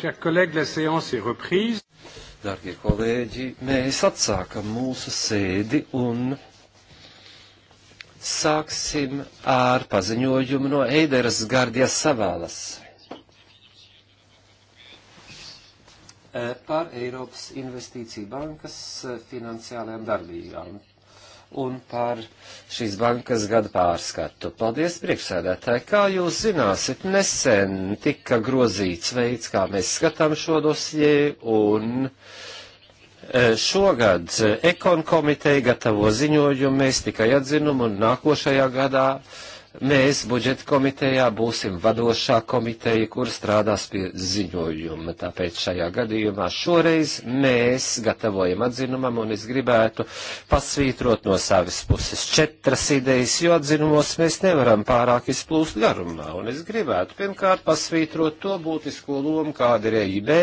Darbie kolēģi, mēs atsākam mūsu sēdi un sāksim ar paziņojumu no Eideras Gardijas Savālas eh, par Eiropas Investīcija bankas eh, finansiālajām darbībām un par šīs bankas gada pārskatu. Paldies, priekšsēdētāji! Kā jūs zināsiet, nesen tika grozīts veids, kā mēs skatām šo dosie, un e, šogad Ekon komiteja gatavo ziņojumu, mēs tikai atzinumu, un nākošajā gadā uh, mēs budžeta komitejā būsim vadošā komiteja, kur strādās pie ziņojuma. Tāpēc šajā gadījumā šoreiz mēs gatavojam atzinumam, un es gribētu pasvītrot no savas puses četras idejas, jo atzinumos mēs nevaram pārāk izplūst garumā, un es gribētu pirmkārt pasvītrot to būtisko lomu, kāda ir EIB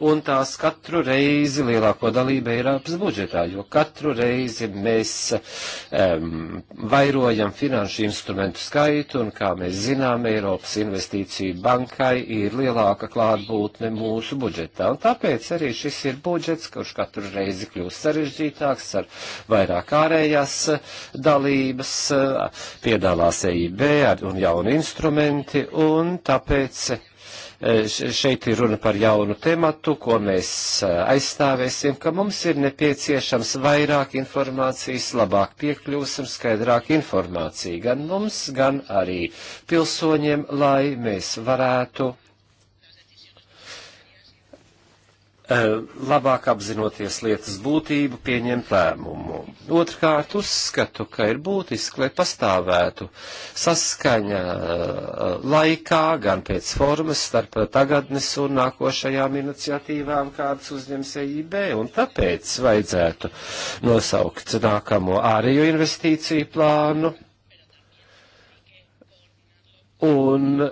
un tās katru reizi lielāko dalību Eiropas budžetā, jo katru reizi mēs um, vairojam finanšu instrumentu skaitu, un kā mēs zinām, Eiropas investīciju bankai ir lielāka klātbūtne mūsu budžetā, un tāpēc arī šis ir budžets, kurš katru reizi kļūst sarežģītāks ar vairāk ārējās eh, dalības, eh, piedalās EIB un jauni instrumenti, un tāpēc E, šeit ir runa par jaunu tematu, ko mēs e, aizstāvēsim, ka mums ir nepieciešams vairāk informācijas, labāk piekļūsim, skaidrāk informācija gan mums, gan arī pilsoņiem, lai mēs varētu Eh, labāk apzinoties lietas būtību, pieņemt lēmumu. Otrkārt, uzskatu, ka ir būtiski, lai pastāvētu saskaņa eh, laikā, gan pēc formas, starp tagadnes un nākošajām iniciatīvām, kādas uzņems EIB, un tāpēc vajadzētu nosaukt nākamo ārējo investīciju plānu. Un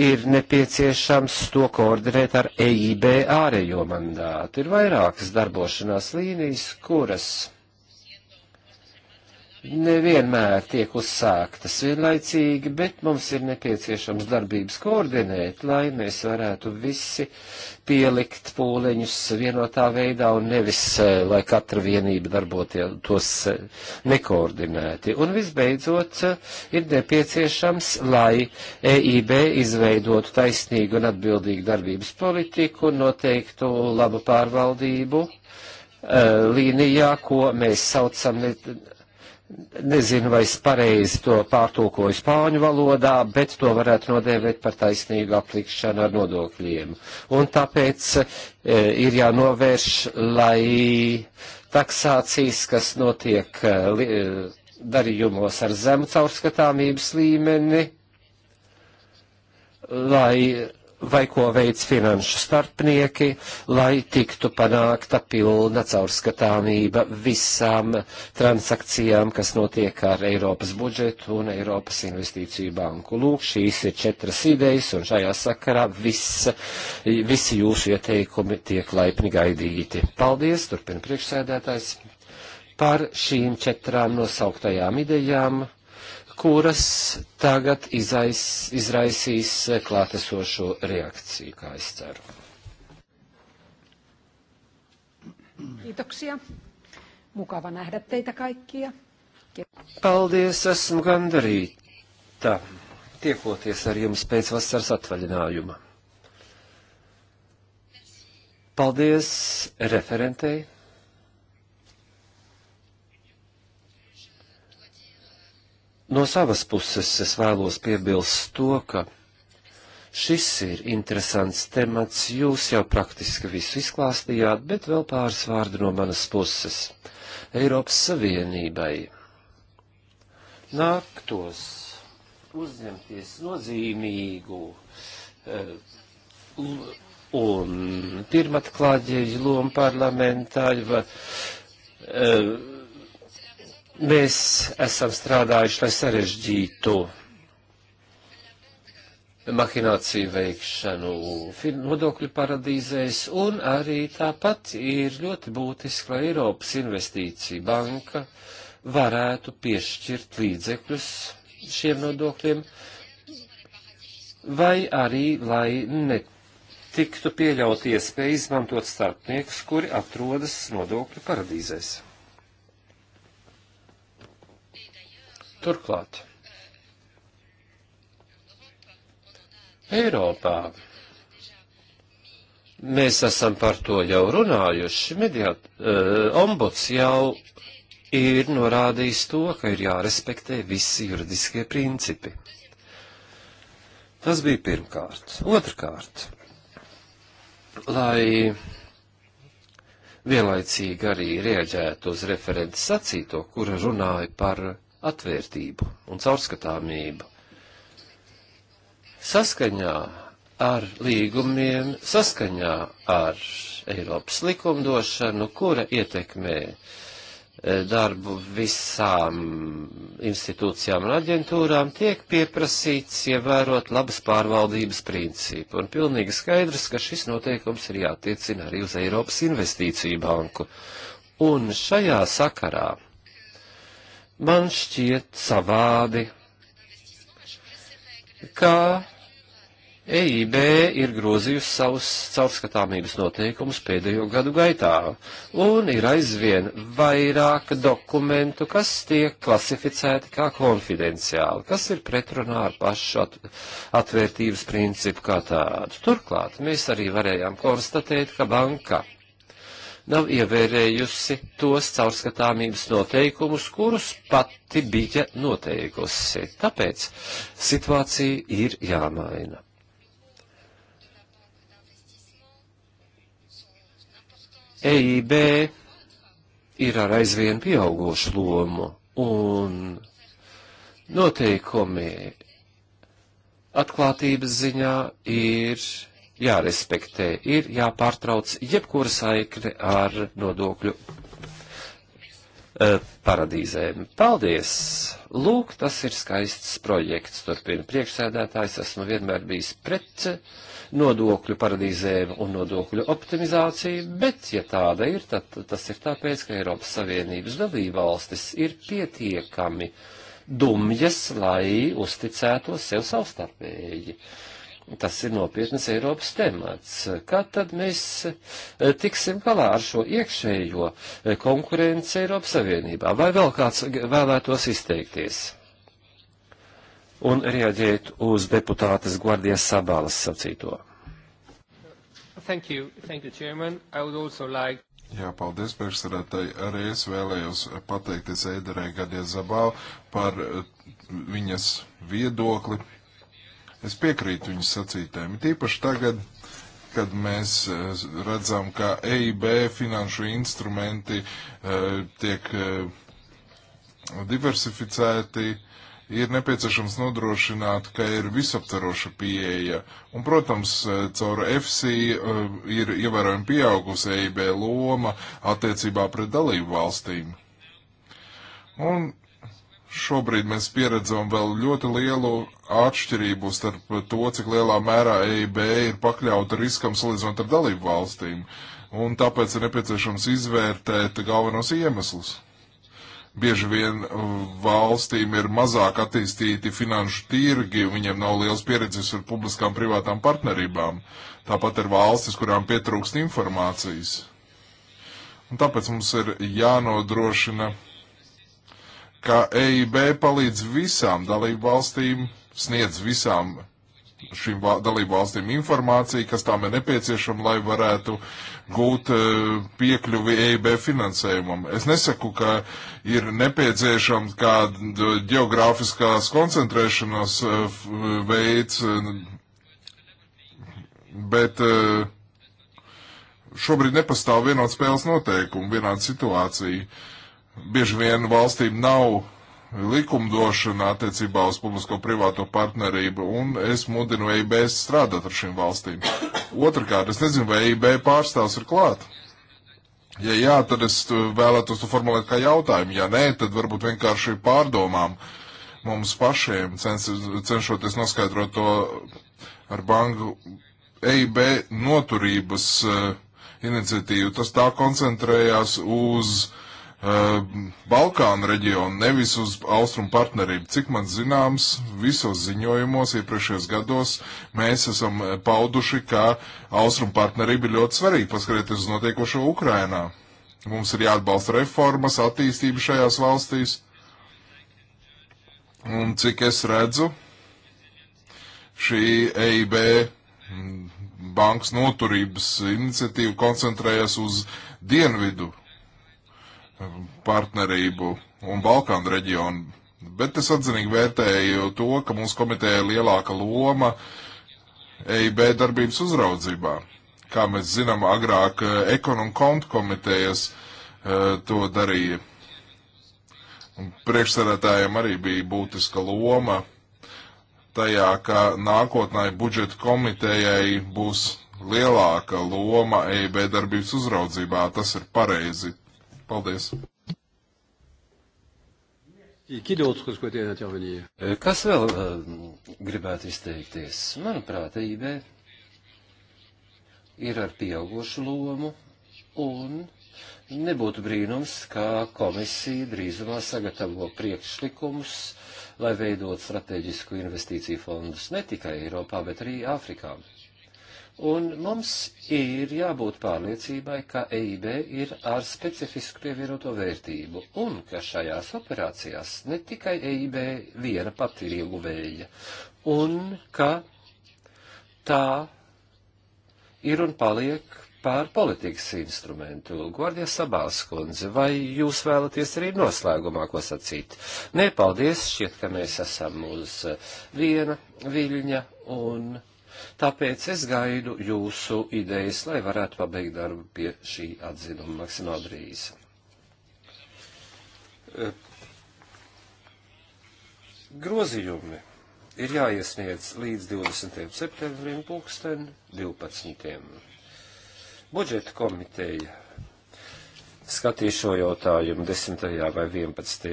ir nepieciešams to koordinēt ar EIB ārējo mandātu. Ir vairākas darbošanās līnijas, kuras nevienmēr tiek uzsāktas vienlaicīgi, bet mums ir nepieciešams darbības koordinēt, lai mēs varētu visi pielikt pūliņus vienotā veidā un nevis, eh, lai katra vienība darbotos eh, nekoordinēti. Un visbeidzot, eh, ir nepieciešams, lai EIB izveidotu taisnīgu un atbildīgu darbības politiku un noteiktu labu pārvaldību līnijā, ko mēs saucam Nezinu, vai es pareizi to pārtulkoju spāņu valodā, bet to varētu nodēvēt par taisnīgu aplikšanu ar nodokļiem. Un tāpēc e, ir jānovērš, lai taksācijas, kas notiek e, li, e, darījumos ar zemu caurskatāmības līmeni, lai vai ko veids finanšu starpnieki, lai tiktu panākta pilna caurskatāmība visām transakcijām, kas notiek ar Eiropas budžetu un Eiropas investīciju banku. Lūk, šīs ir četras idejas, un šajā sakarā viss, visi jūsu ieteikumi tiek laipni gaidīti. Paldies, turpina priekšsēdētājs, par šīm četrām nosauktajām idejām kuras tagad izais, izraisīs klātesošo reakciju, kā es ceru. Kiitoksia. Mukava nähdä teitä kaikkia. Paldies, esmu gandarīta. Tiekoties ar jums pēc vasaras atvaļinājuma. Paldies referentei No savas puses es vēlos piebilst to, ka šis ir interesants temats, jūs jau praktiski visu izklāstījāt, bet vēl pāris vārdi no manas puses. Eiropas Savienībai nāktos uzņemties nozīmīgu eh, un pirmatklāģēju lomu parlamentā, eh, Mēs esam strādājuši, lai sarežģītu mahināciju veikšanu nodokļu paradīzēs, un arī tāpat ir ļoti būtiski, lai Eiropas investīcija banka varētu piešķirt līdzekļus šiem nodokļiem, vai arī, lai netiktu pieļaut iespēju izmantot starpniekus, kuri atrodas nodokļu paradīzēs. Turklāt Eiropā mēs esam par to jau runājuši. Mediāt, uh, ombuds jau ir norādījis to, ka ir jārespektē visi juridiskie principi. Tas bija pirmkārt. Otrkārt, lai vienlaicīgi arī rieģētu uz referents sacīto, kura runāja par atvērtību un caurskatāmību. Saskaņā ar līgumiem, saskaņā ar Eiropas likumdošanu, kura ietekmē eh, darbu visām institūcijām un aģentūrām, tiek pieprasīts ievērot labas pārvaldības principu. Un pilnīgi skaidrs, ka šis noteikums ir jātiecina arī uz Eiropas investīciju banku. Un šajā sakarā man šķiet savādi, kā EIB ir grozījusi savus caurskatāmības noteikumus pēdējo gadu gaitā, un ir aizvien vairāk dokumentu, kas tiek klasificēti kā konfidenciāli, kas ir pretrunā ar pašu at atvērtības principu kā tādu. Turklāt mēs arī varējām konstatēt, ka banka nav ievērējusi tos caurskatāmības noteikumus, kurus pati bija noteikusi. Tāpēc situācija ir jāmaina. EIB ir ar aizvien pieaugošu lomu un noteikumi atklātības ziņā ir jārespektē, ir jāpārtrauc jebkura saikne ar nodokļu eh, paradīzēm. Paldies! Lūk, tas ir skaists projekts. Turpina priekšsēdētājs, esmu vienmēr bijis pret nodokļu paradīzēm un nodokļu optimizāciju, bet, ja tāda ir, tad tas ir tāpēc, ka Eiropas Savienības dalībvalstis ir pietiekami dumjas, lai uzticētos sev savstarpēji. Uh, Tas ir nopietnas Eiropas temats. Kā tad mēs e, tiksim galā ar šo iekšējo e, konkurenci Eiropas Savienībā? Vai vēl kāds vēlētos izteikties? Un reaģēt uz deputātes Guardijas Sabalas sacīto. Thank you. Thank you, Chairman. I would also like Jā, paldies, priekšsēdētāji. Arī es vēlējos pateikties Eidarē Gadie Zabālu par e, viņas viedokli Es piekrītu viņas sacītēm. Tīpaši tagad, kad mēs eh, redzam, ka EIB finanšu instrumenti eh, tiek eh, diversificēti, ir nepieciešams nodrošināt, ka ir visaptveroša pieeja. Un, protams, caur FC ir ievērojami pieaugusi EIB loma attiecībā pret dalību valstīm. Un Šobrīd mēs pieredzam vēl ļoti lielu atšķirību starp to, cik lielā mērā EIB ir pakļauta riskam salīdzinot ar dalību valstīm, un tāpēc ir nepieciešams izvērtēt galvenos iemeslus. Bieži vien uh, valstīm ir mazāk attīstīti finanšu tirgi, viņiem nav liels pieredzes ar publiskām privātām partnerībām. Tāpat ir valstis, kurām pietrūkst informācijas. Un tāpēc mums ir jānodrošina ka EIB palīdz visām dalību valstīm, sniedz visām šīm dalību valstīm informāciju, kas tām ir nepieciešama, lai varētu gūt e, piekļuvi EIB finansējumam. Es nesaku, ka ir nepieciešama kāda geogrāfiskās koncentrēšanās e, veids, e, bet šobrīd nepastāv vienāds spēles noteikumi, vienāda situācija. Uh, Bieži vien valstīm nav likumdošana attiecībā uz publisko-privāto partnerību, un es mudinu EIB strādāt ar šīm valstīm. Otrakārt, es nezinu, vai EIB pārstāvs ir klāt. Ja jā, tad es vēlētos to formulēt kā jautājumu. Ja nē, tad varbūt vienkārši pārdomām mums pašiem cens, cenšoties noskaidrot to ar banku EIB noturības uh, iniciatīvu. Tas tā koncentrējās uz uh, Balkānu reģionu, nevis uz austrumu partnerību. Cik man zināms, visos ziņojumos iepriekšējos gados mēs esam pauduši, ka austrumu partnerība ir ļoti svarīga, paskatieties uz notiekošo Ukrainā. Mums ir jāatbalsta reformas, attīstība šajās valstīs. Un cik es redzu, šī EIB bankas noturības iniciatīva koncentrējas uz dienvidu partnerību un Balkānu reģionu. Bet es atzinīgi vērtēju to, ka mūsu komitē ir lielāka loma EIB darbības uzraudzībā. Kā mēs zinām, agrāk eh, ekonomu kontu komitejas uh, to darīja. Un priekšsarētājiem arī bija būtiska loma tajā, ka nākotnē budžeta komitejai būs lielāka loma EIB darbības uzraudzībā. Tas ir pareizi. Paldies! Eh, kas vēl eh, gribētu izteikties? Manuprāt, EIB ir ar pieaugušu lomu un nebūtu brīnums, kā komisija drīzumā sagatavo priekšlikumus, lai veidot strateģisku investīciju fondus ne tikai Eiropā, bet arī Āfrikā. Un mums ir jābūt pārliecībai, ka EIB ir ar specifisku pievienoto vērtību un ka šajās operācijās ne tikai EIB viena pati ir ieguvēja un ka tā ir un paliek pār politikas instrumentu. Gvardija Sabāskundze, vai jūs vēlaties arī noslēgumā ko sacīt? Nē, paldies, šķiet, ka mēs esam uz viena viļņa un Tāpēc es gaidu jūsu idejas, lai varētu pabeigt darbu pie šī atzinuma maksimāli drīz. E, grozījumi ir jāiesniedz līdz 20. septembrim pulksten 12. Budžeta komiteja skatīja šo jautājumu 10. vai 11.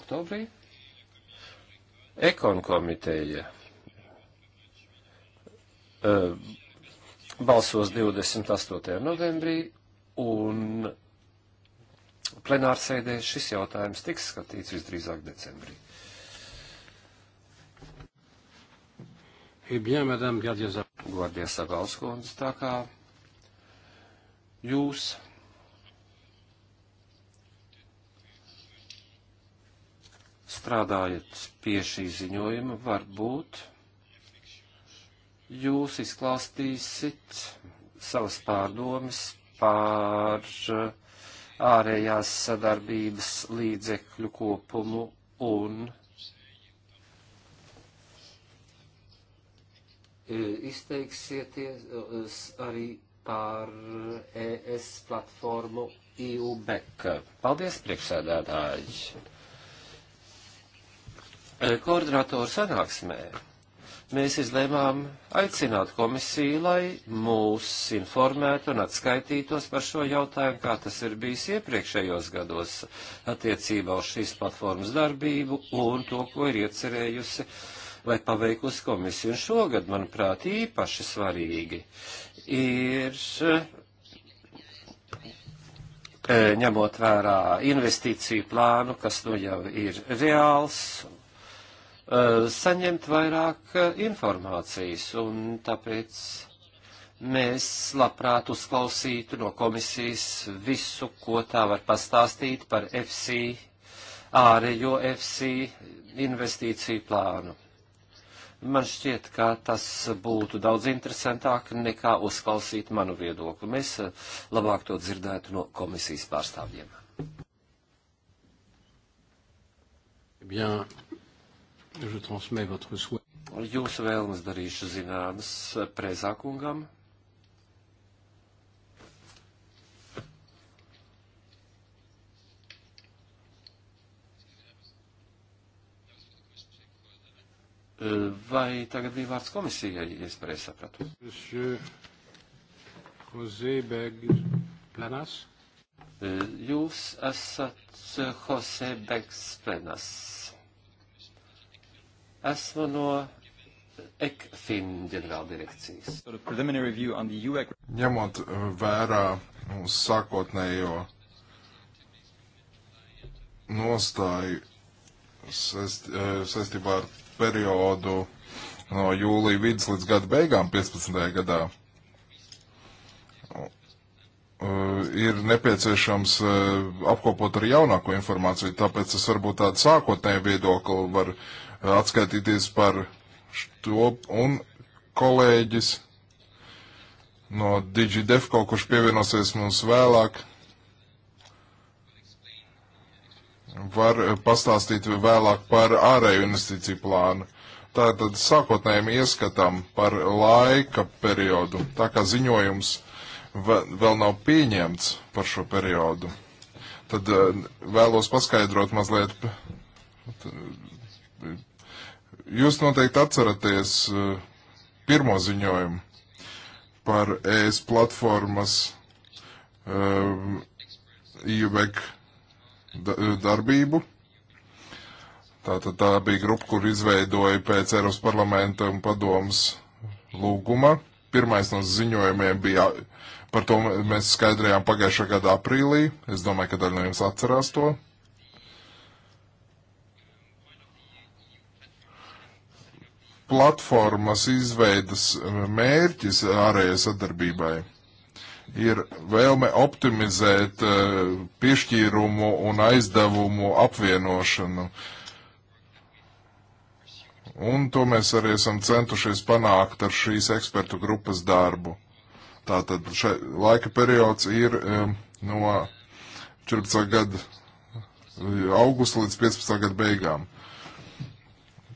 oktobrī. Ekon komiteja uh, balsos 28. novembrī, un plenārsēdē šis jautājums tiks skatīts visdrīzāk decembrī. Eh bien, Madame Gardien Sabalskundze, tā kā jūs strādājat pie šī ziņojuma, varbūt jūs izklāstīsit savas pārdomas pār eh, ārējās sadarbības līdzekļu kopumu un eh, izteiksieties eh, arī par ES e platformu IUBEC. Paldies, priekšsēdētāji! Koordinātoru sanāksmē mēs izlēmām aicināt komisiju, lai mūs informētu un atskaitītos par šo jautājumu, kā tas ir bijis iepriekšējos gados attiecībā uz šīs platformas darbību un to, ko ir iecerējusi vai paveikusi komisija. Un šogad, manuprāt, īpaši svarīgi ir eh, ņemot vērā investīciju plānu, kas nu jau ir reāls Uh, saņemt vairāk uh, informācijas, un tāpēc mēs labprāt uzklausītu no komisijas visu, ko tā var pastāstīt par FC, ārējo FC investīciju plānu. Man šķiet, ka tas būtu daudz interesantāk nekā uzklausīt manu viedokli. Mēs uh, labāk to dzirdētu no komisijas pārstāvjiem. Bien, Je transmets votre souhait. Jūsu vēlmes darīšu zināmas prezākungam. Vai tagad bija vārds komisijai, ja es pareizi sapratu? Jūs esat Jose Begs Plenas. Esmu no ECFIN ģenerāldirekcijas. Ņemot uh, vērā nu, sākotnējo nostāju uh, saistībā ar periodu no jūlija vidus līdz gada beigām 15. gadā. Uh, ir nepieciešams apkopot arī jaunāko informāciju, tāpēc es varbūt tādu sākotnēju viedokli varu atskaitīties par to. Un kolēģis no DigiDefco, kurš pievienosies mums vēlāk, var pastāstīt vēlāk par ārēju investīciju plānu. Tātad sākotnējiem ieskatam par laika periodu, tā kā ziņojums vēl nav pieņemts par šo periodu, tad eh, vēlos paskaidrot mazliet Jūs noteikti atceraties eh, pirmo ziņojumu par ES platformas eh, IUBEK darbību. Tātad tā bija grupa, kur izveidoja pēc Eiropas parlamenta un padomas lūguma. Pirmais no ziņojumiem bija par to mēs skaidrojām pagājušā gada aprīlī. Es domāju, ka daļa no jums atcerās to. platformas izveidas mērķis ārējai sadarbībai ir vēlme optimizēt eh, piešķīrumu un aizdevumu apvienošanu. Un to mēs arī esam centušies panākt ar šīs ekspertu grupas darbu. Tātad šai laika periods ir eh, no 14. gada eh, augusta līdz 15. gada beigām.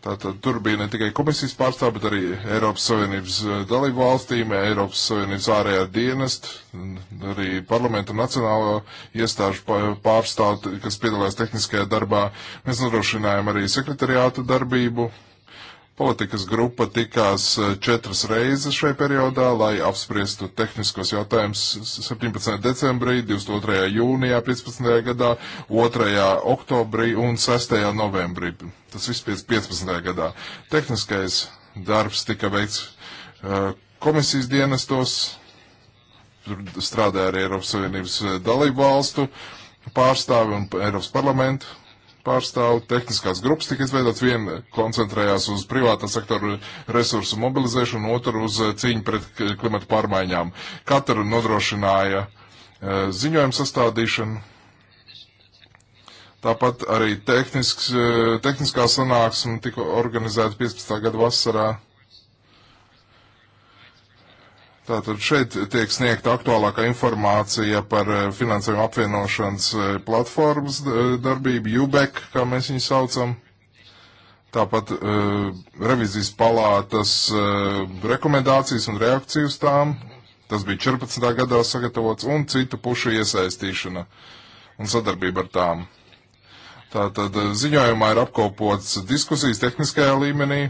Tātad tur bija ne tikai komisijas pārstāvji, bet arī Eiropas Savienības eh, dalību valstīm, Eiropas Savienības ārējā dienesta, arī parlamentu nacionālo iestāžu pārstāvji, kas piedalās tehniskajā darbā. Mēs nodrošinājām arī sekretariātu darbību, Politikas grupa tikās eh, četras reizes šai periodā, lai apspriestu tehniskos jautājumus 17. decembrī, 22. jūnijā, 15. gadā, 2. oktobrī un 6. novembrī. Tas viss 15. gadā. Tehniskais darbs tika veikts eh, komisijas dienestos, tur strādāja arī Eiropas Savienības eh, dalību valstu pārstāvi un Eiropas parlamentu pārstāv, tehniskās grupas tika izveidotas, viena koncentrējās uz privātā sektora resursu mobilizēšanu, otra uz eh, cīņu pret klimatu pārmaiņām. Katra nodrošināja eh, ziņojumu sastādīšanu. Tāpat arī tehnisks, eh, tehniskā sanāksme tika organizēta 15. gada vasarā. Tātad šeit tiek sniegta aktuālākā informācija par eh, finansējuma apvienošanas eh, platformas eh, darbību, UBEC, kā mēs viņu saucam. Tāpat uh, revizijas palātas uh, rekomendācijas un reakcijas tām, tas bija 14. gadā sagatavots, un citu pušu iesaistīšana un sadarbība ar tām. Tātad ziņojumā ir apkopots diskusijas tehniskajā līmenī,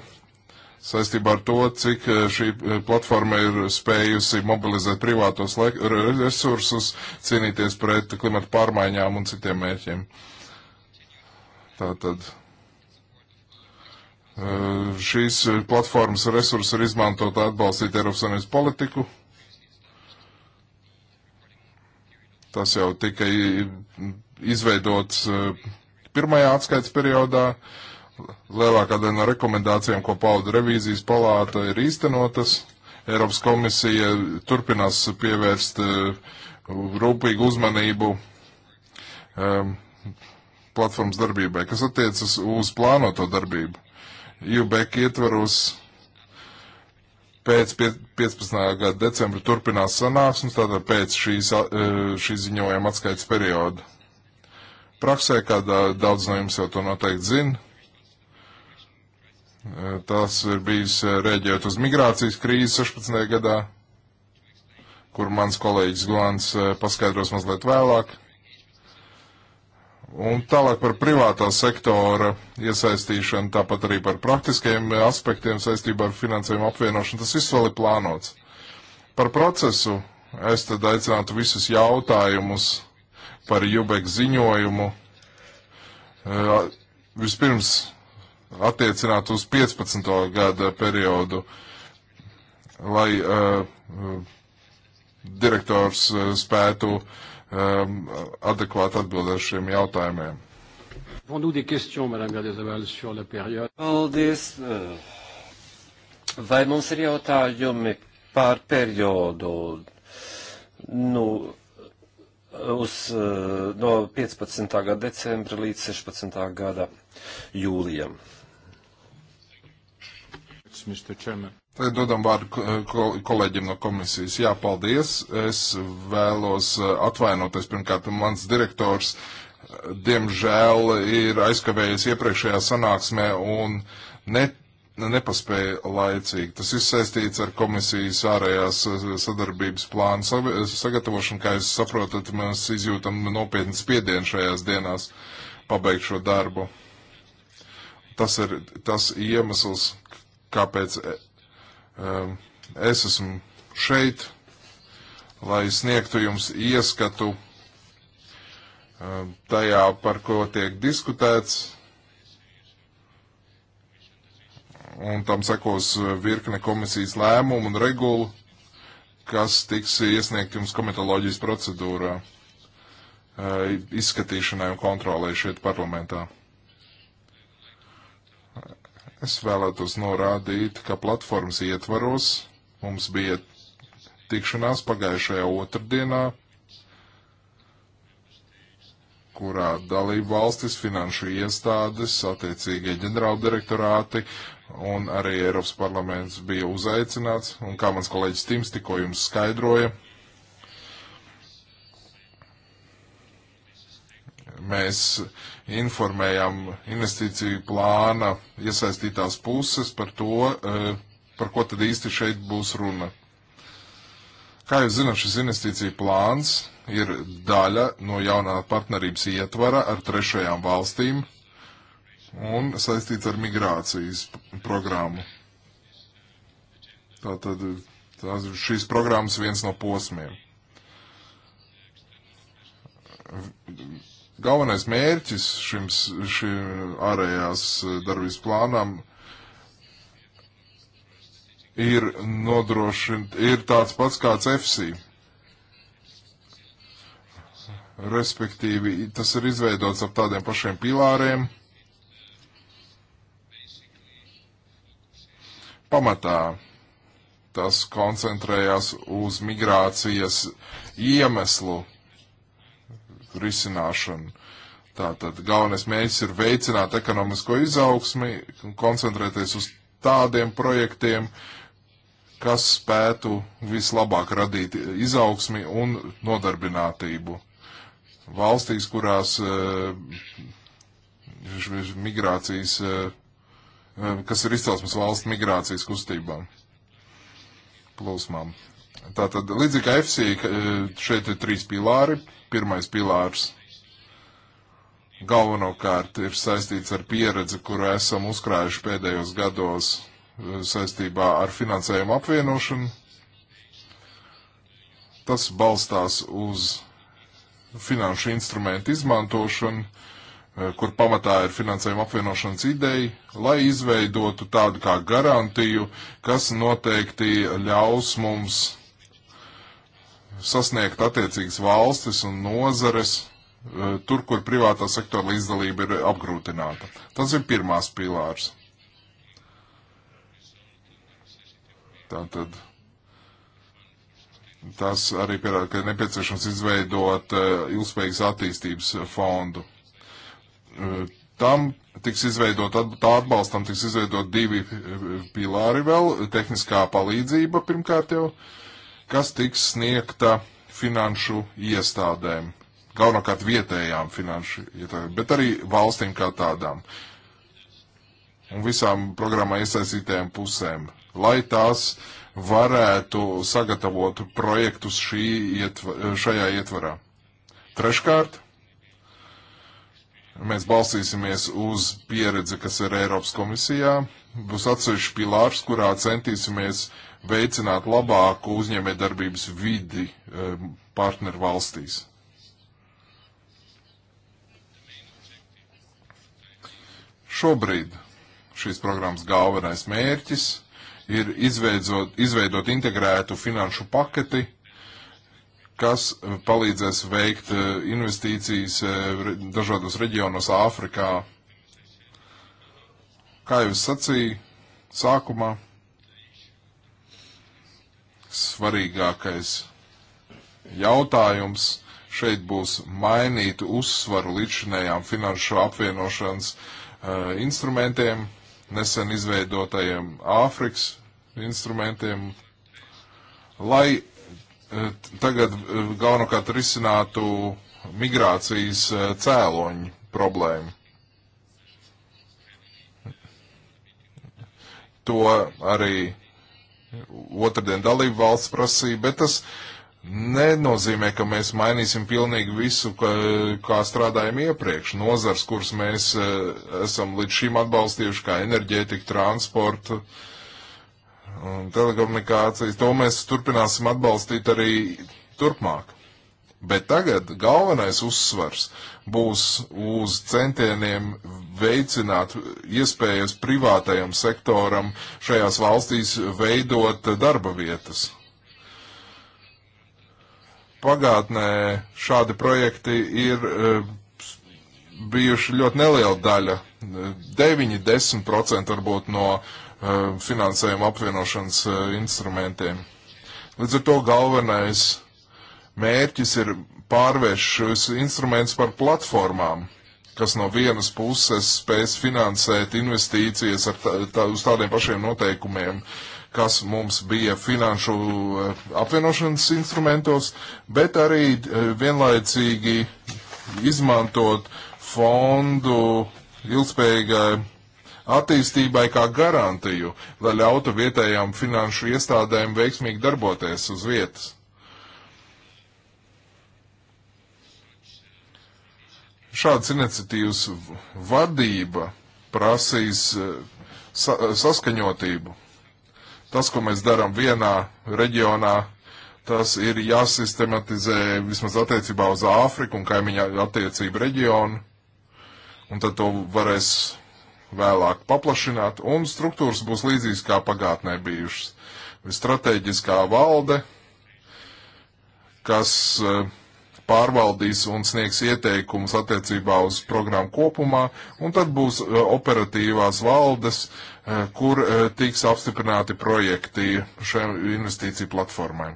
saistībā ar to, cik eh, šī eh, platforma ir spējusi mobilizēt privātos resursus, cīnīties pret klimatu pārmaiņām un citiem mērķiem. Tātad eh, šīs platformas resursi ir izmantot atbalstīt Eiropas Savienības politiku. Tas jau tika izveidots pirmajā atskaits periodā. Uh, lielākā daļa no rekomendācijām, ko pauda revīzijas palāta, ir īstenotas. Eiropas komisija turpinās pievērst eh, rūpīgu uzmanību um, platformas darbībai, kas attiecas uz plānoto darbību. UBEC ietvaros pēc 15. gada decembra turpinās sanāksmes, tātad pēc šīs, e, šī ziņojuma atskaits perioda. Praksē, kā daudz no jums jau to noteikti zina, Eh, tas ir bijis eh, rēģējot uz migrācijas krīzi 16. gadā, kur mans kolēģis Glāns eh, paskaidros mazliet vēlāk. Un tālāk par privātā sektora iesaistīšanu, tāpat arī par praktiskajiem aspektiem saistībā ar finansējumu apvienošanu. Tas viss vēl ir plānots. Par procesu es tad aicinātu visus jautājumus par Jubek ziņojumu. Vispirms attiecināt uz 15. gada periodu, lai uh, uh, direktors uh, spētu um, adekvāti atbildēt šiem jautājumiem. Paldies! Vai mums ir jautājumi par periodu nu, uz, uh, no 15. gada decembra līdz 16. gada jūlijam? Mr. Chairman. Tad dodam vārdu kol kolēģiem no komisijas. Jā, paldies. Es vēlos eh, atvainoties. Pirmkārt, mans direktors, eh, diemžēl, ir aizkavējies iepriekšējā sanāksmē un ne, nepaspēja laicīgi. Tas ir saistīts ar komisijas ārējās eh, sadarbības plānu sagatavošanu. Kā jūs saprotat, mēs izjūtam nopietnu spiedienu šajās dienās pabeigt šo darbu. Tas ir tas iemesls, kāpēc e, es esmu šeit, lai sniegtu jums ieskatu tajā, par ko tiek diskutēts. Un tam sekos e, virkne komisijas lēmumu un regulu, kas tiks iesniegt jums komitoloģijas procedūrā e, izskatīšanai un kontrolē šeit parlamentā. Es vēlētos norādīt, ka platformas ietvaros mums bija tikšanās pagājušajā otrdienā, kurā dalību valstis, finanšu iestādes, attiecīgie ģenerāldirektorāti un arī Eiropas parlaments bija uzaicināts. Un kā mans kolēģis Tims tikko jums skaidroja, Mēs informējām investīciju plāna iesaistītās puses par to, e, par ko tad īsti šeit būs runa. Kā jūs zināt, šis investīcija plāns ir daļa no jaunā partnerības ietvara ar trešajām valstīm un saistīts ar migrācijas programmu. Tātad tās ir šīs programmas viens no posmiem. Galvenais mērķis šim, šim ārējās eh, darbības plānam ir nodrošināt, ir tāds pats kāds FC. Respektīvi, tas ir izveidots ar tādiem pašiem pilāriem. Pamatā tas koncentrējās uz migrācijas iemeslu risināšanu. Tātad galvenais mērķis ir veicināt ekonomisko izaugsmi un koncentrēties uz tādiem projektiem, kas spētu vislabāk radīt izaugsmi un nodarbinātību. Valstīs, kurās uh, migrācijas, uh, kas ir izcelsmes valsts migrācijas kustībām, plūsmām. Tātad, līdzīgi kā FC, e, šeit ir trīs pilāri. Pirmais pilārs galvenokārt ir saistīts ar pieredzi, kuru esam uzkrājuši pēdējos gados e, saistībā ar finansējumu apvienošanu. Tas balstās uz finanšu instrumentu izmantošanu, e, kur pamatā ir finansējuma apvienošanas ideja, lai izveidotu tādu kā garantiju, kas noteikti ļaus mums sasniegt attiecīgas valstis un nozares e, tur, kur privātā sektora līdzdalība ir apgrūtināta. Tas ir pirmās pilārs. Tātad tas arī pierāda, ka ir nepieciešams izveidot e, ilgspējīgas attīstības fondu. E, tam tiks izveidot, tā atbalstam tiks izveidot divi pilāri vēl, tehniskā palīdzība pirmkārt jau. Uh, kas tiks sniegta finanšu iestādēm, galvenokārt vietējām finanšu iestādēm, bet arī valstīm kā tādām un visām programmā iesaistītajām pusēm, lai tās varētu sagatavot projektus šī ietva, šajā ietvarā. Treškārt, mēs balstīsimies uz pieredzi, kas ir Eiropas komisijā. Būs atsevišķi pilārs, kurā centīsimies uh, veicināt labāku uzņēmējdarbības vidi eh, partneru valstīs. Šobrīd šīs programmas galvenais mērķis ir izveidot, izveidot integrētu finanšu paketi, kas palīdzēs veikt eh, investīcijas eh, dažādos reģionos Āfrikā. Kā jau es sacīju, sākumā svarīgākais jautājums šeit būs mainīt uzsvaru līdzinējām finanšu apvienošanas uh, instrumentiem, nesen izveidotajiem Āfrikas instrumentiem, lai uh, tagad uh, galvenokārt risinātu migrācijas cēloņu problēmu. To arī otrdien dalību valsts prasīja, bet tas nenozīmē, ka mēs mainīsim pilnīgi visu, ka, kā strādājam iepriekš. Nozars, kuras mēs e, esam līdz šim atbalstījuši, kā enerģētika, transporta un telekomunikācijas, to mēs turpināsim atbalstīt arī turpmāk. Bet tagad galvenais uzsvars būs uz centieniem veicināt iespējas privātajam sektoram šajās valstīs veidot darba vietas. Pagātnē šādi projekti ir eh, bijuši ļoti neliela daļa, 9-10% eh, varbūt no eh, finansējuma apvienošanas instrumentiem. Līdz ar to galvenais mērķis ir pārvērst šos instrumentus par platformām, kas no vienas puses spēs finansēt investīcijas ar tā, tā, uz tādiem pašiem noteikumiem, kas mums bija finanšu eh, apvienošanas instrumentos, bet arī eh, vienlaicīgi izmantot fondu ilgspējīgai attīstībai kā garantiju, lai ļautu vietējām finanšu iestādēm veiksmīgi darboties uz vietas. Šādas iniciatīvas vadība prasīs e, sa e, saskaņotību. Tas, ko mēs darām vienā reģionā, tas ir jāsistematizē vismaz attiecībā uz Āfriku un kaimiņā attiecību reģionu, un tad to varēs vēlāk paplašināt, un struktūras būs līdzīgas kā pagātnē bijušas. Stratēģiskā valde, kas uh, pārvaldīs un sniegs ieteikumus attiecībā uz programmu kopumā, un tad būs eh, operatīvās valdes, eh, kur eh, tiks apstiprināti projekti šiem investīciju platformai.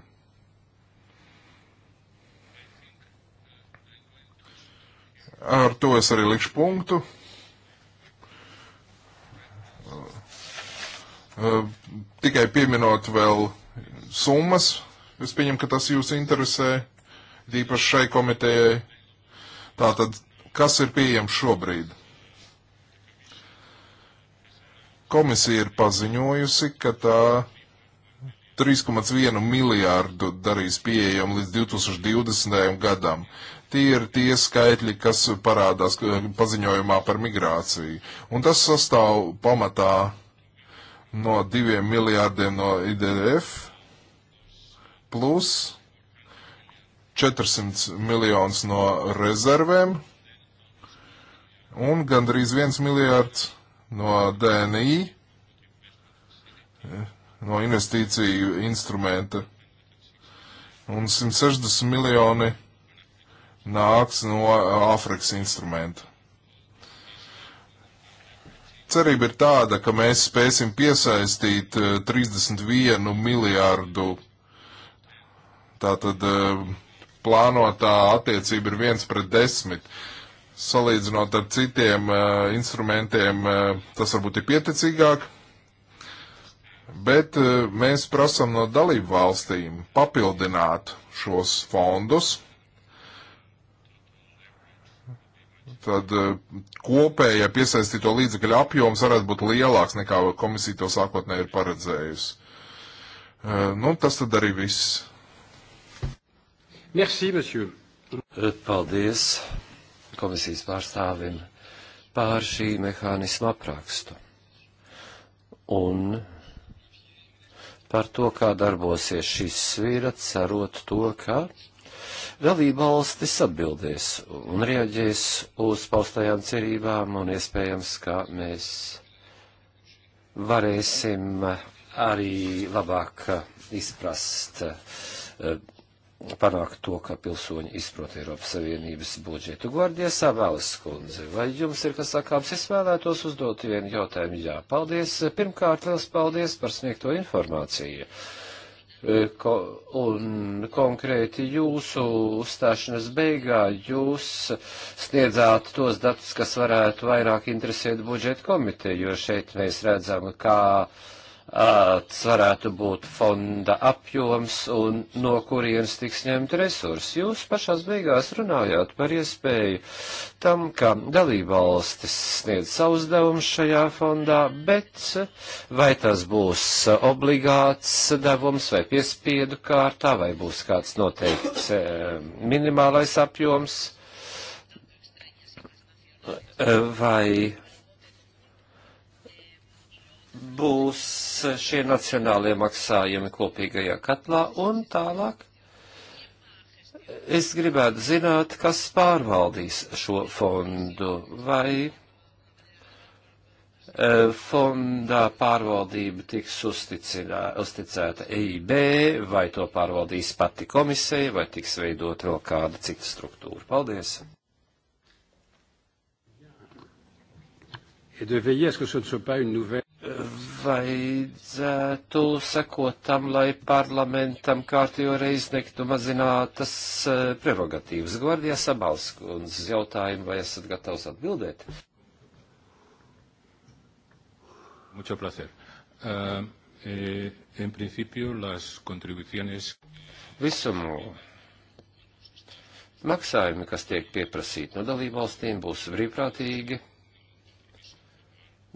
Ar to es arī likšu punktu. Tikai pieminot vēl summas, es pieņemu, ka tas jūs interesē īpaši šai komitejai. Tātad, kas ir pieejams šobrīd? Komisija ir paziņojusi, ka tā 3,1 miljārdu darīs pieejamu līdz 2020. gadam. Tie ir tie skaitļi, kas parādās paziņojumā par migrāciju. Un tas sastāv pamatā no 2 miljārdiem no IDF plus 400 miljonus no rezervēm un gandrīz 1 miljārds no DNI, no investīciju instrumenta. Un 160 miljoni nāks no Āfrikas instrumenta. Cerība ir tāda, ka mēs spēsim piesaistīt 31 eh, miljārdu tātad eh, plānotā attiecība ir viens pret desmit. Salīdzinot ar citiem uh, instrumentiem, uh, tas varbūt ir pieticīgāk, bet uh, mēs prasam no dalību valstīm papildināt šos fondus. Tad uh, kopējā piesaistīto līdzekļu apjoms varētu būt lielāks nekā komisija to sākotnēji ir paredzējusi. Uh, nu, tas tad arī viss. Merci, monsieur. Paldies komisijas pārstāvim pār šī mehānisma aprakstu un par to, kā darbosies šīs svīra, cerot to, ka dalība valstis atbildēs un reaģēs uz paustajām cerībām un iespējams, ka mēs varēsim arī labāk izprast eh, panākt to, ka pilsoņi izprot Eiropas Savienības budžetu. Gvardija Savēlas skundze, vai jums ir kas sakāms? Es vēlētos uzdot vienu jautājumu. Jā, paldies. Pirmkārt, liels paldies par sniegto informāciju. E, ko, un konkrēti jūsu uzstāšanas beigā jūs sniedzāt tos datus, kas varētu vairāk interesēt budžeta komiteju, jo šeit mēs redzam, kā. Ka kāds varētu būt fonda apjoms un no kurienes tiks ņemt resursi. Jūs pašās beigās runājāt par iespēju tam, ka dalībvalstis sniedz savus devumus šajā fondā, bet vai tas būs obligāts devums vai piespiedu kārtā, vai būs kāds noteikts eh, minimālais apjoms, vai būs šie nacionālie maksājumi kopīgajā katlā un tālāk. Es gribētu zināt, kas pārvaldīs šo fondu vai e, fondā pārvaldība tiks uzticēta EIB, vai to pārvaldīs pati komisija, vai tiks veidot vēl kāda cita struktūra. Paldies! Et de veiller à ce que ce ne soit pas une nouvelle vajadzētu sekot tam, lai parlamentam kārtējo reizi nektu mazinātas eh, prerogatīvas. Gvardijā Sabalskundz jautājumu, vai esat gatavs atbildēt? Mucho placer. Uh, eh, en principio, las contribuciones. Visumu maksājumi, kas tiek pieprasīti no dalībvalstīm, būs brīvprātīgi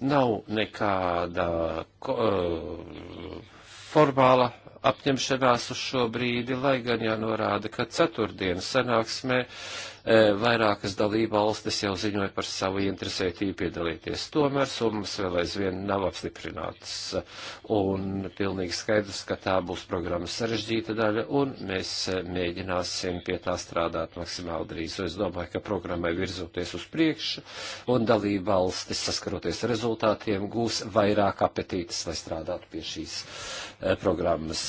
Nav nekāda uh, formāla apņemšanās uz šo brīdi, lai gan jānorāda, ka ceturtdienas sanāksmē Eh, vairākas dalībvalstis jau ziņoja par savu interesētību piedalīties. Tomēr summas vēl aizvien nav apstiprinātas. Un pilnīgi skaidrs, ka tā būs programmas sarežģīta daļa, un mēs eh, mēģināsim pie tā strādāt maksimāli drīz. Es domāju, ka programmai virzoties uz priekšu, un dalībvalstis saskaroties ar rezultātiem gūs vairāk apetītes, lai strādātu pie šīs eh, programmas.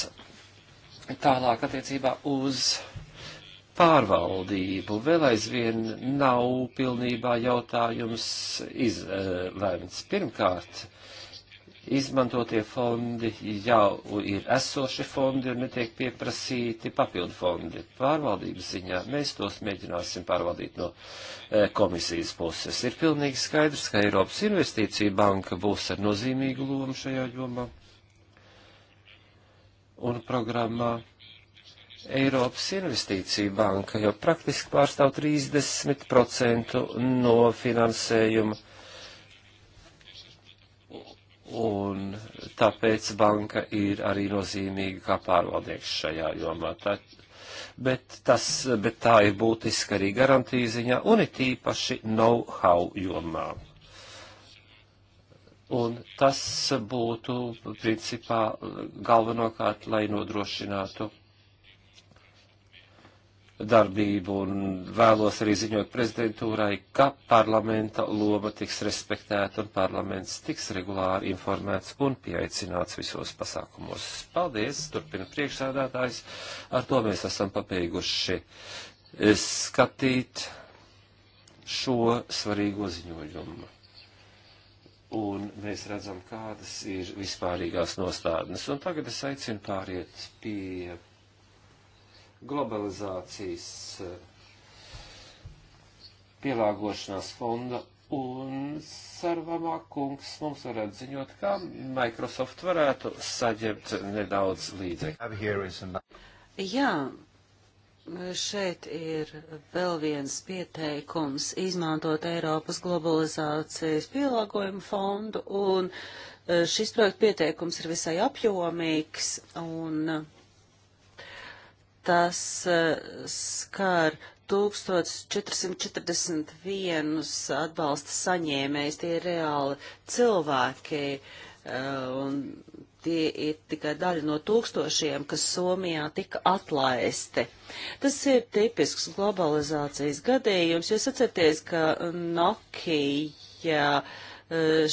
Tālāk attiecībā uz pārvaldību. Vēl aizvien nav pilnībā jautājums izlēmts. Pirmkārt, izmantotie fondi jau ir esoši fondi un netiek pieprasīti papildu fondi. Pārvaldības ziņā mēs tos mēģināsim pārvaldīt no e, komisijas puses. Ir pilnīgi skaidrs, ka Eiropas investīcija banka būs ar nozīmīgu lomu šajā jomā un programmā Eiropas investīcija banka jau praktiski pārstāv 30% no finansējuma, un tāpēc banka ir arī nozīmīga kā pārvaldnieks šajā jomā. Tā, bet, tas, bet tā ir būtiska arī garantija ziņā, un it īpaši know-how jomā. Un tas būtu principā galvenokārt, lai nodrošinātu darbību un vēlos arī ziņot prezidentūrai, ka parlamenta loma tiks respektēta un parlaments tiks regulāri informēts un pieaicināts visos pasākumos. Paldies, turpina priekšsēdētājs. Ar to mēs esam pabeiguši eh, skatīt šo svarīgo ziņojumu. Un mēs redzam, kādas ir vispārīgās nostādnes. Un tagad es aicinu pāriet pie globalizācijas eh, pielāgošanās fonda un Sarvamā kungs mums varētu ziņot, kā Microsoft varētu saņemt nedaudz līdzekļu. Jā, šeit ir vēl viens pieteikums izmantot Eiropas globalizācijas pielāgojumu fondu un eh, šis projekta pieteikums ir visai apjomīgs un Tas eh, skar 1441 atbalsta saņēmējs, tie ir reāli cilvēki, eh, un tie ir tikai daļa no tūkstošiem, kas Somijā tika atlaisti. Tas ir tipisks globalizācijas gadījums, jo atcerieties, ka Nokia eh,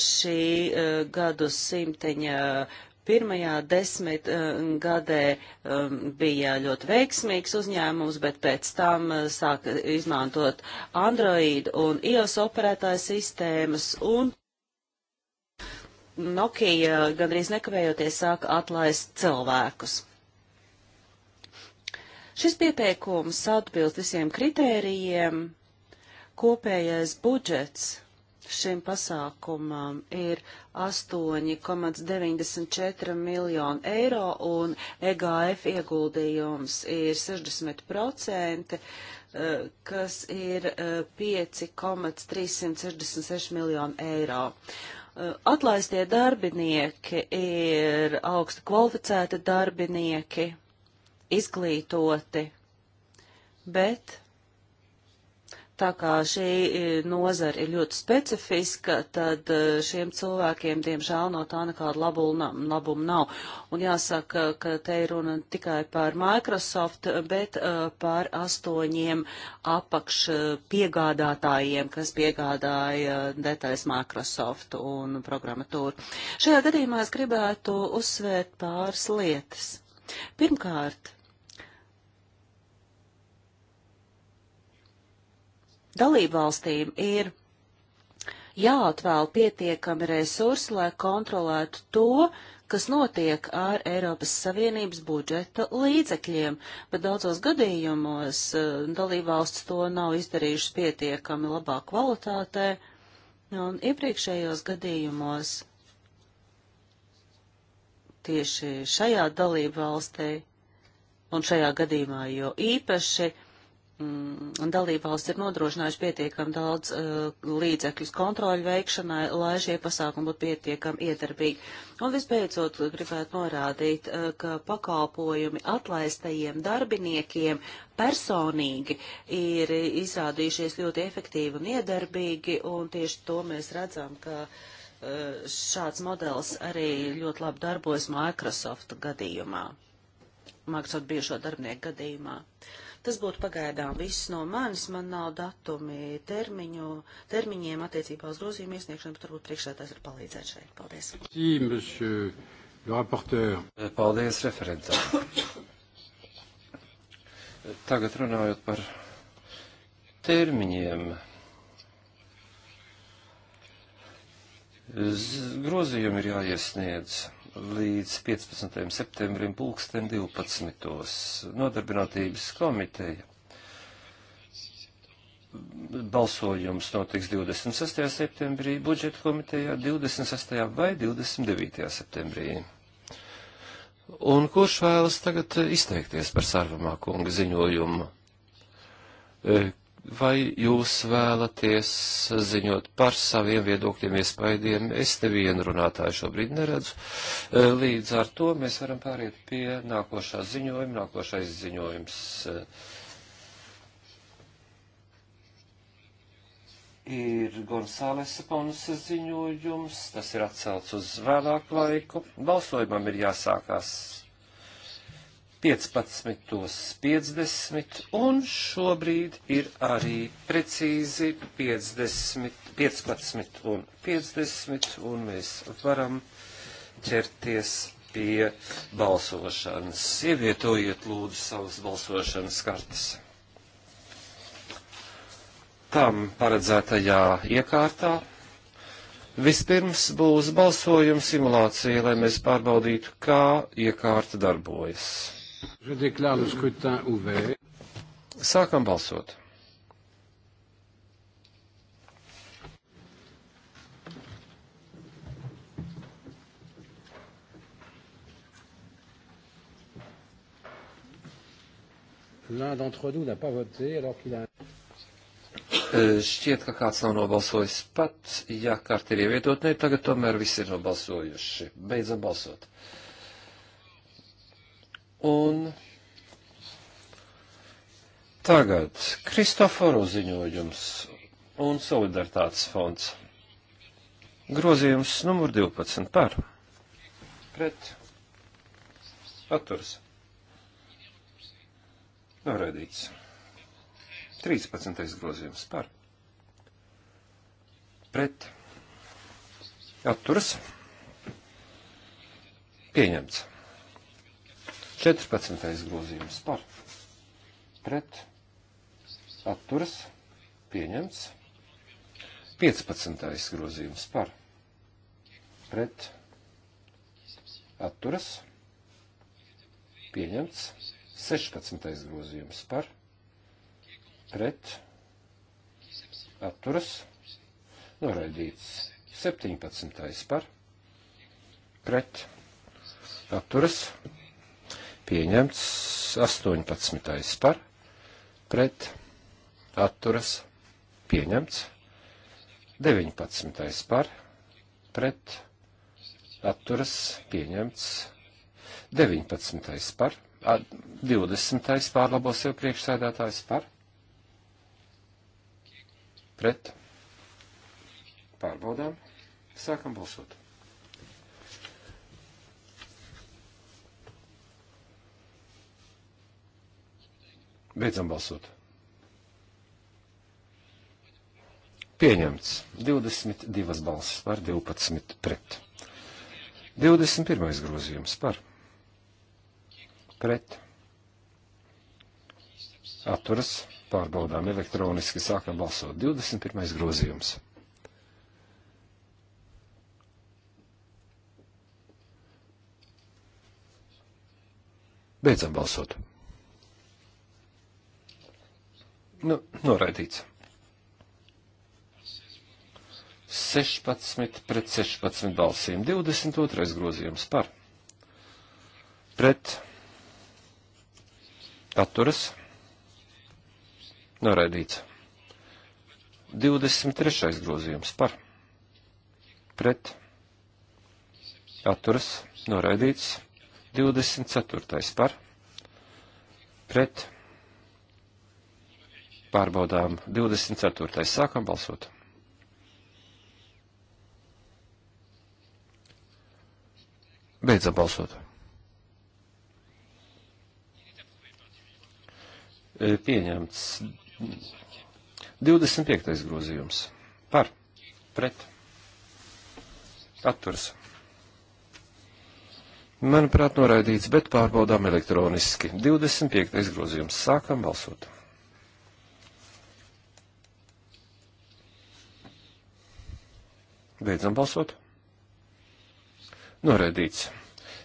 šī gadu simteņa Pirmajā desmit uh, gadē um, bija ļoti veiksmīgs uzņēmums, bet pēc tam uh, eh, sāka izmantot Android un iOS operētāja sistēmas un Nokia gandrīz nekavējoties sāka atlaist cilvēkus. Šis pieteikums atbilst visiem kritērijiem. Kopējais budžets šim pasākumam ir 8,94 miljonu eiro un EGF ieguldījums ir 60%, eh, kas ir 5,366 eh, miljonu eiro. Eh, atlaistie darbinieki ir augsti kvalificēti darbinieki, izglītoti, bet Tā kā šī e, nozara ir ļoti specifiska, tad e, šiem cilvēkiem, diemžēl, no tā nekāda labuma, labuma nav. Un jāsaka, ka te ir runa tikai par Microsoft, bet uh, par astoņiem apakš piegādātājiem, kas piegādāja detaļas Microsoft un programmatūru. Šajā gadījumā es gribētu uzsvērt pāris lietas. Pirmkārt, dalībvalstīm ir jāatvēl pietiekami resursi, lai kontrolētu to, kas notiek ar Eiropas Savienības budžeta līdzekļiem, bet daudzos gadījumos eh, dalībvalsts to nav izdarījušas pietiekami labā kvalitātē, un iepriekšējos gadījumos tieši šajā dalībvalstī, un šajā gadījumā jo īpaši, uh, Mm, dalībvalsts ir nodrošinājuši pietiekam daudz uh, līdzekļus kontroļu veikšanai, lai šie pasākumi būtu pietiekam iedarbīgi. Un visbeidzot, gribētu norādīt, uh, ka pakalpojumi atlaistajiem darbiniekiem personīgi ir izrādījušies ļoti efektīvi un iedarbīgi, un tieši to mēs redzam, ka uh, šāds modelis arī ļoti labi darbojas Microsoft gadījumā, Microsoft bijušo darbinieku gadījumā. Uh, Tas būtu pagaidām viss no manis. Man nav datumi termiņu, termiņiem attiecībā uz grozījumu iesniegšanu, bet varbūt priekšsētājs var palīdzēt šeit. Paldies. Paldies referentam. Tagad runājot par termiņiem. Z grozījumi ir jāiesniedz līdz 15. septembrim pulksten 12. Nodarbinātības komiteja. Balsojums notiks 26. septembrī, budžeta komitejā 26. vai 29. septembrī. Un kurš vēlas tagad izteikties par Sarvamā kunga ziņojumu? E, vai jūs vēlaties ziņot par saviem viedokļiem, iespaidiem? Es nevienu runātāju šobrīd neredzu. E, līdz ar to mēs varam pāriet pie nākošā ziņojuma. Nākošais ziņojums e, ir Gonzāles Ponsa ziņojums. Tas ir atcelts uz vēlāku laiku. Balsojumam ir jāsākās 15.50 un šobrīd ir arī precīzi 50, 15 un 50 un mēs varam ķerties pie balsošanas. Ievietojiet lūdzu savas balsošanas kartas. Tam paredzētajā iekārtā vispirms būs balsojuma simulācija, lai mēs pārbaudītu, kā iekārta darbojas. Sākam balsot. L'un d'entre nous n'a pas voté alors qu'il a. Euh, šķiet, ka kāds nav nobalsojis pat, ja karti ir ievietot, ne, tagad tomēr visi ir nobalsojuši. Beidzam balsot. Uh, Un tagad Kristoforu ziņojums un solidaritātes fonds. Grozījums numur 12 par. Pret. Atturs. Noraidīts. 13. grozījums par. Pret. Atturs. Pieņemts. 14. grozījums par pret atturas pieņemts. 15. grozījums par pret atturas pieņemts. 16. grozījums par pret atturas noraidīts. 17. par pret atturas pieņemts pieņemts 18. par, pret, atturas, pieņemts 19. par, pret, atturas, pieņemts 19. par, 20. pārlabo sev priekšsēdētājs par, pret, pārbaudām, sākam balsot. Beidzam balsot. Pieņemts 22 balsis par 12 pret. 21. grozījums par pret. Atturas pārbaudām elektroniski sākam balsot. 21. grozījums. Beidzam balsot. Nu, noraidīts. 16 pret 16 balsīm. 22. grozījums par. Pret. Atturas. Noraidīts. 23. grozījums par. Pret. Atturas. Noraidīts. 24. par. Pret. Pārbaudām 24. sākam balsot. Beidzam balsot. E, pieņemts 25. grozījums. Par, pret, atturs. Manuprāt, noraidīts, bet pārbaudām elektroniski. 25. grozījums. Sākam balsot. Beidzam balsot. Noraidīts.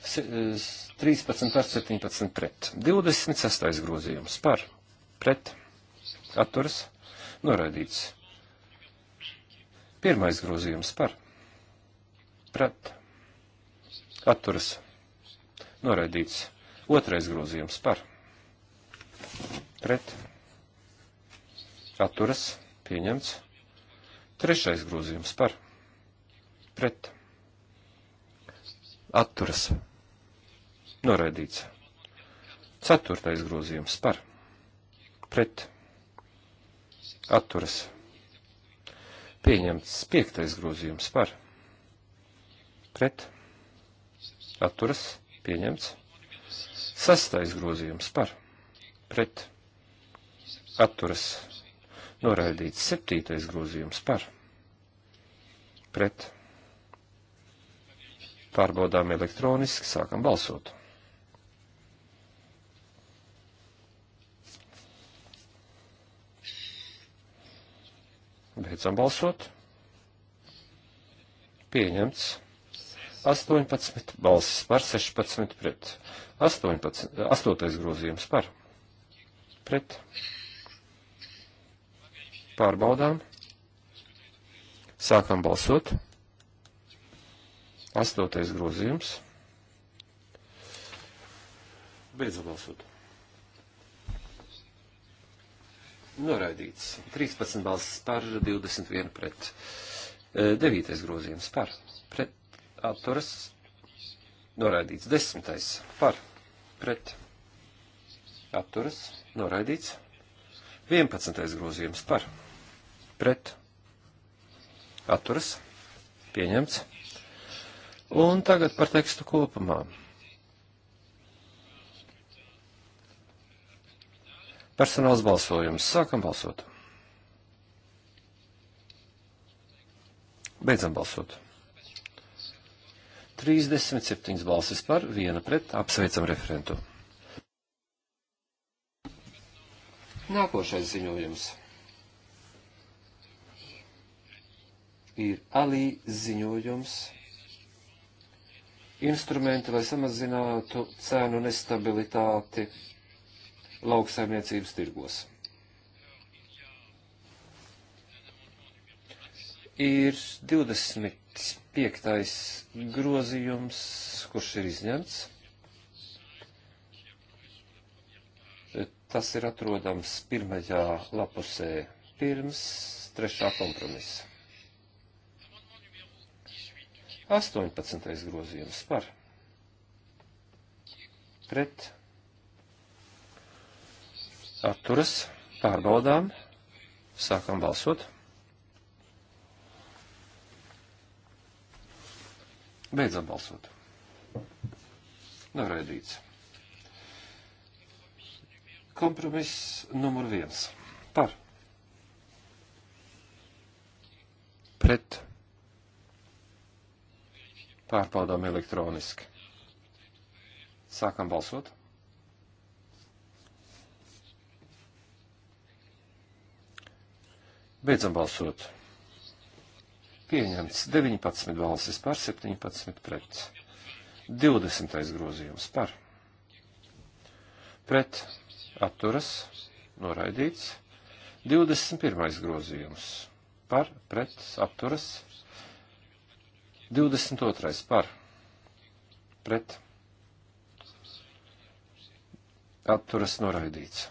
13 eh, par 17 pret. 26. grozījums par pret. Atturas. Noraidīts. Pirmais grozījums par pret. Atturas. Noraidīts. Otrais grozījums par pret. Atturas. Pieņemts. Trešais grozījums par pret pret atturas noraidīts. Ceturtais grozījums par pret atturas pieņemts. Piektais grozījums par pret atturas pieņemts. Sastais grozījums par pret atturas noraidīts. Septītais grozījums par pret Pārbaudām elektroniski, sākam balsot. Beidzam balsot. Pieņemts. 18 balsis par, 16 pret. 18, 8. grozījums par. Pret. Pārbaudām. Sākam balsot. Astotais grozījums. Beidzam balsot. Noraidīts. 13 balsis par, 21 pret. 9. E, grozījums par. Pret. Atturas. Noraidīts. 10. par. Pret. Atturas. Noraidīts. 11. grozījums par. Pret. Atturas. Pieņemts. Un tagad par tekstu kopumā. Personāls balsojums. Sākam balsot. Beidzam balsot. 37 balsis par, viena pret, apsveicam referentu. Nākošais ziņojums ir Alī ziņojums instrumenti, lai samazinātu cēnu nestabilitāti lauksaimniecības tirgos. Ir 25. grozījums, kurš ir izņemts. Tas ir atrodams pirmajā lapusē pirms trešā kompromisa. 18. grozījums par pret atturas pārbaudām. Sākam balsot. Beidzam balsot. Noraidīts. Kompromiss numur viens. Par. Pret. Pārbaudām elektroniski. Sākam balsot. Beidzam balsot. Pieņemts 19 balsis par 17 pret. 20. grozījums par. Pret atturas noraidīts. 21. grozījums par pret atturas noraidīts 22. par pret atturas noraidīts.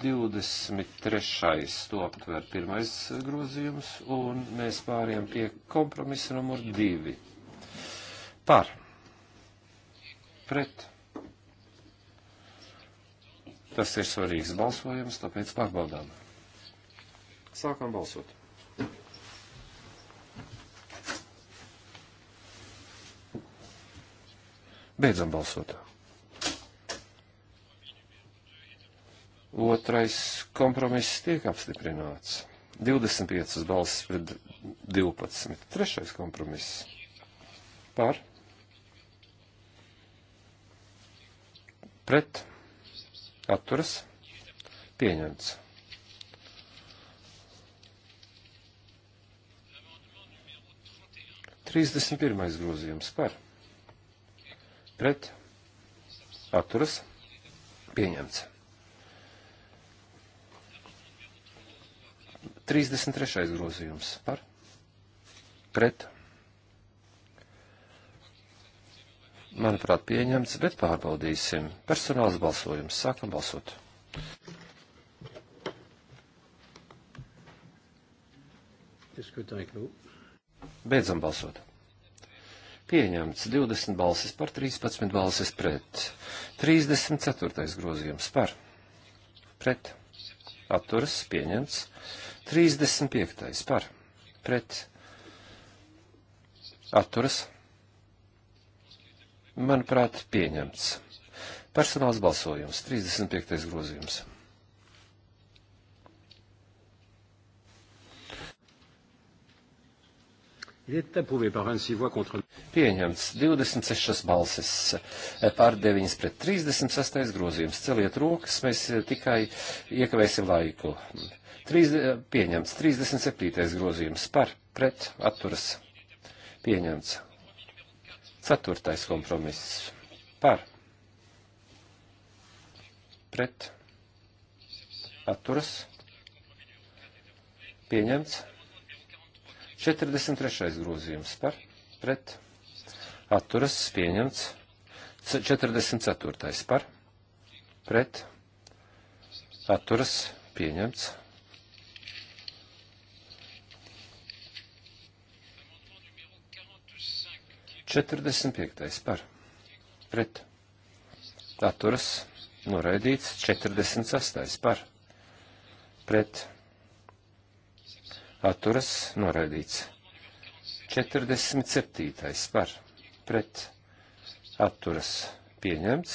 23. to aptver pirmais grozījums, un mēs pāriem pie kompromisa numur 2. Par. Pret. Tas ir svarīgs balsojums, tāpēc pārbaudām. Sākam balsot. Beidzam balsot. Otrais kompromiss tiek apstiprināts. 25 balsis pret 12. Trešais kompromiss. Par. Pret. Atturas. Pieņemts. Trīsdesmit pirmais grozījums par pret atturas pieņemts. 33. grozījums par pret. Manuprāt, pieņemts, bet pārbaudīsim. Personāls balsojums. Sākam balsot. Beidzam balsot. Pieņemts 20 balsis par 13 balsis pret. 34. grozījums par. Pret. Atturas pieņemts. 35. par. Pret. Atturas. Manuprāt, pieņemts. Personāls balsojums. 35. grozījums. Il est approuvé par 26 voix contre pieņemts 26 balsis pār 9 pret 36 grozījums. Celiet rokas, mēs tikai iekavēsim laiku. 3, pieņemts 37. grozījums par pret atturas. Pieņemts 4. kompromiss par pret atturas. Pieņemts 43. grozījums par pret atturas atturas pieņemts 44. par pret atturas pieņemts. Četrdesmit piektais par pret atturas noraidīts četrdesmit sastais par pret atturas noraidīts četrdesmit septītais par pret pret atturas pieņemts.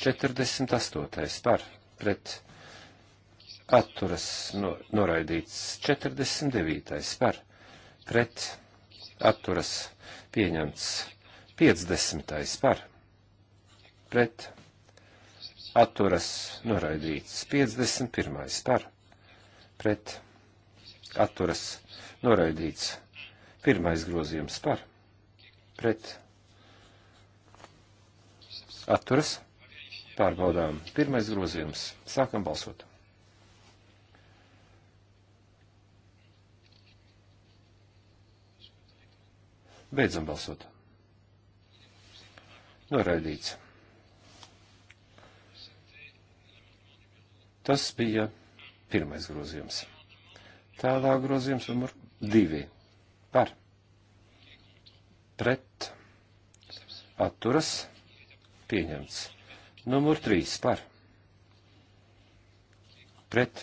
48. par pret atturas no, noraidīts. 49. par pret atturas pieņemts. 50. par pret atturas noraidīts. 51. par pret atturas noraidīts. Pirmais grozījums par pret atturas atturas pārbaudām. Pirmais grozījums. Sākam balsot. Beidzam balsot. Noraidīts. Tas bija pirmais grozījums. Tālāk grozījums numur divi. Par. Pret. Atturas pieņemts. Numur 3 par. Pret.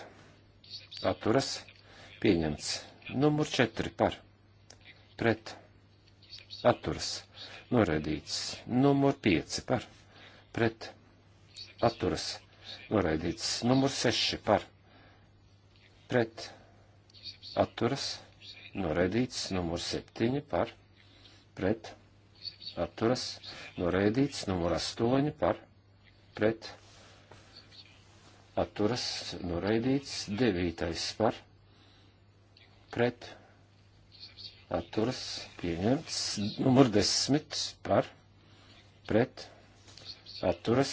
Atturas. Pieņemts. Numur 4 par. Pret. Atturas. Noraidīts. Numur 5 par. Pret. Atturas. Noraidīts. Numur 6 par. Pret. Atturas. Noraidīts. Numur 7 par. Pret. Atturas atturas noraidīts, numur 8 par pret atturas noraidīts, 9 par pret atturas pieņemts, numur 10 par pret atturas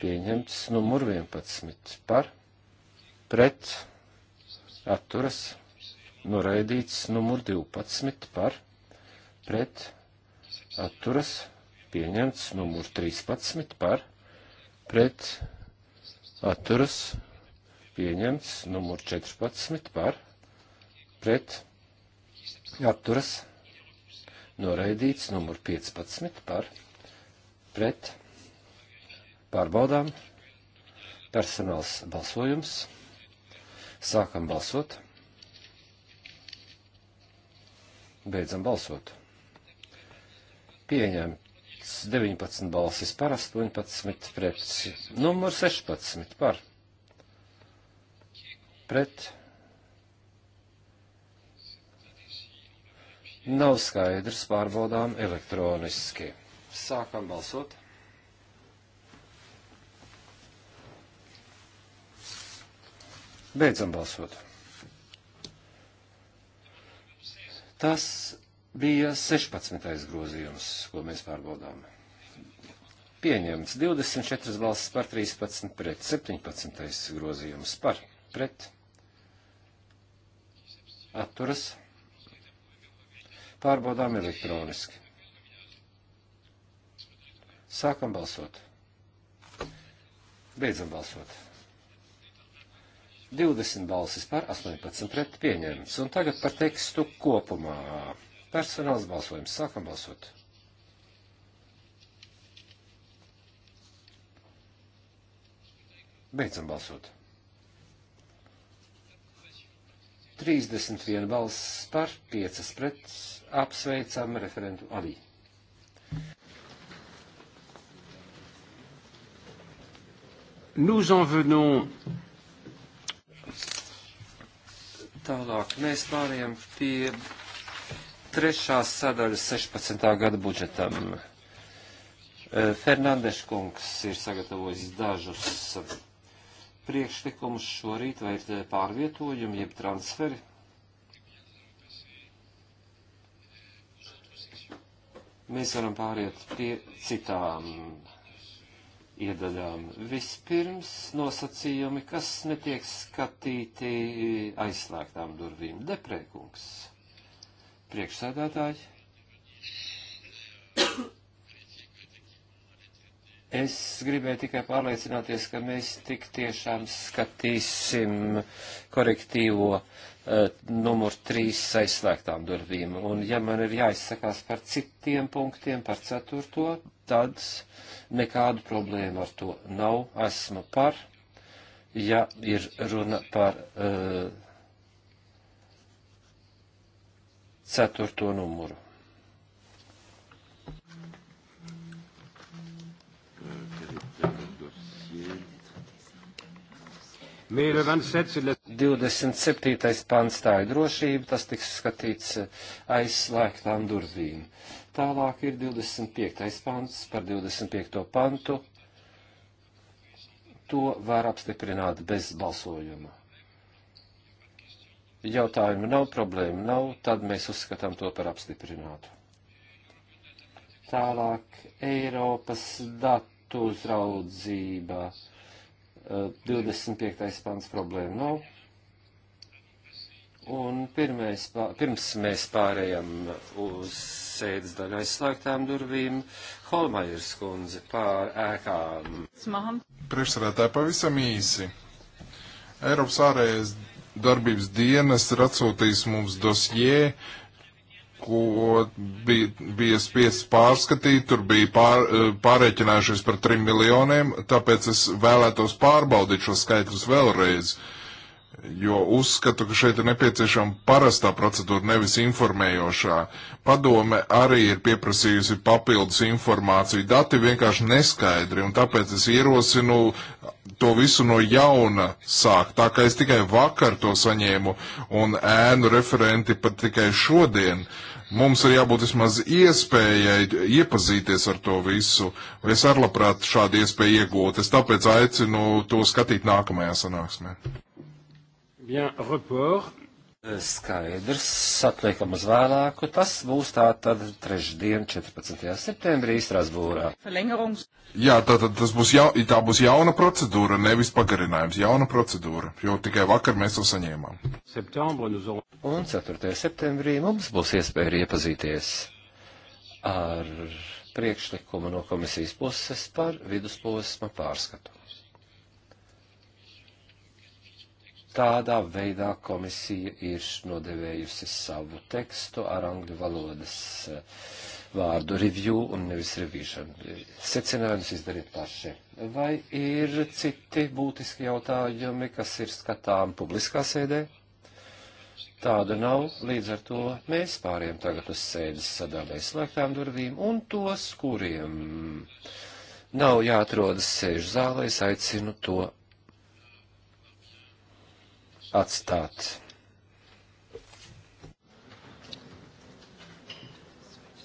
pieņemts, numur 11 par pret atturas noraidīts, numur 12 par pret atturas atturas pieņemts numur 13 par pret atturas pieņemts numur 14 par pret atturas noraidīts numur 15 par pret pārbaudām personāls balsojums sākam balsot beidzam balsot pieņemts 19 balsis par 18 pret, numur 16 par pret. Nav skaidrs, pārbaudām elektroniski. Sākam balsot. Beidzam balsot. Tas bija 16. grozījums, ko mēs pārbaudām. Pieņemts 24 balsis par 13 pret 17. grozījums par pret atturas pārbaudām elektroniski. Sākam balsot. Beidzam balsot. 20 balsis par 18 pret pieņemts. Un tagad par tekstu kopumā. Personāls balsojums. Sākam balsot. Beidzam balsot. 31 balss par, 5 pret, apsveicam referentu Alī. Nous en venons. Tālāk mēs pārējām pie trešās sadaļas 16. gada budžetam. E, Fernandeškungs ir sagatavojis dažus priekšlikumus šorīt, vai ir e, pārvietojumi, jeb transferi. Mēs varam pāriet pie citām iedaļām. Vispirms nosacījumi, kas netiek skatīti aizslēgtām durvīm. Deprēkungs priekšsēdētāji. Es gribēju tikai pārliecināties, ka mēs tik tiešām skatīsim korektīvo uh, numur 3 aizslēgtām durvīm. Un ja man ir jāizsakās par citiem punktiem, par ceturto, tad nekādu problēmu ar to nav. Esmu par, ja ir runa par uh, ceturto numuru. Mīra 27. pants tā ir drošība, tas tiks skatīts eh, aizslēgtām durvīm. Tālāk ir 25. pants par 25. pantu. To var apstiprināt bez balsojuma jautājumu nav, problēmu nav, tad mēs uzskatām to par apstiprinātu. Tālāk Eiropas datu uzraudzība. 25. Eh, pants problēma nav. Un pirmais, pirms mēs pārējām uz sēdes daļu aizslēgtām durvīm, Holmajers kundze pār ēkām. Priekšsarētāji pavisam īsi. Eiropas ārējais darbības dienas ir atsūtījis mums dosjē, ko bija, bija spiests pārskatīt, tur bija pār, e, pārreķinājušies par trim miljoniem, tāpēc es vēlētos pārbaudīt šo skaitļus vēlreiz. Uh, jo uzskatu, ka šeit ir nepieciešama parastā procedūra, nevis informējošā. Padome arī ir pieprasījusi papildus informāciju. Dati vienkārši neskaidri, un tāpēc es ierosinu to visu no jauna sākt. Tā kā es tikai vakar to saņēmu, un ēnu referenti pat tikai šodien. Mums ir jābūt vismaz iespējai iepazīties ar to visu. Es ar labprāt šādu iespēju iegūtu. Es tāpēc aicinu to skatīt nākamajā sanāksmē. Bien, report. Eh, skaidrs, atliekam uz vēlāku. Tas būs tā tad trešdien, 14. septembrī Strasbūrā. Jā, tā, tā, tas būs, ja, tā būs jauna procedūra, nevis pagarinājums. Jauna procedūra, jo tikai vakar mēs to saņēmām. Un 4. septembrī mums būs iespēja iepazīties ar priekšlikumu no komisijas puses par vidusposma pārskatu. tādā veidā komisija ir nodevējusi savu tekstu ar angļu valodas eh, vārdu review un nevis revision. Secinājums izdariet paši. Vai ir citi būtiski jautājumi, kas ir skatām publiskā sēdē? Tāda nav, līdz ar to mēs pāriem tagad uz sēdes sadalē slēgtām durvīm un tos, kuriem nav jāatrodas sēžu zālē, aicinu to atstāt.